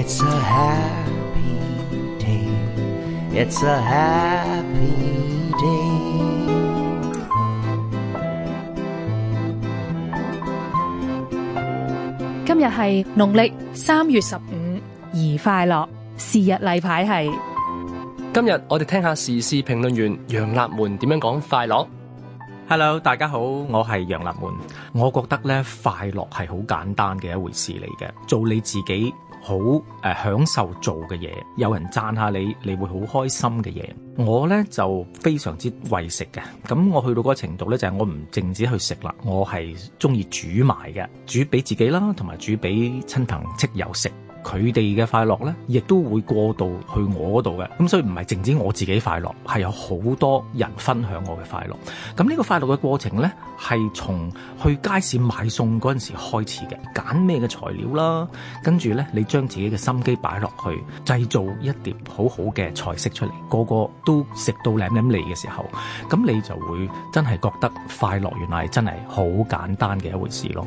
It's a happy day. It's a happy day. 今日係農曆三月十五，宜快樂。是日例牌係今日，我哋聽下時事評論員楊立門點樣講快樂。Hello，大家好，我係楊立門。我覺得咧快樂係好簡單嘅一回事嚟嘅，做你自己好誒、呃、享受做嘅嘢，有人讚下你，你會好開心嘅嘢。我呢，就非常之為食嘅，咁我去到嗰個程度呢，就係、是、我唔淨止去食啦，我係中意煮埋嘅，煮俾自己啦，同埋煮俾親朋戚友食。佢哋嘅快樂呢，亦都會過度去我嗰度嘅，咁所以唔係淨止我自己快樂，係有好多人分享我嘅快樂。咁呢個快樂嘅過程呢，係從去街市買餸嗰陣時開始嘅，揀咩嘅材料啦，跟住呢，你將自己嘅心機擺落去，製造一碟好好嘅菜式出嚟，個個都食到舐舐脷嘅時候，咁你就會真係覺得快樂，原來真係好簡單嘅一回事咯。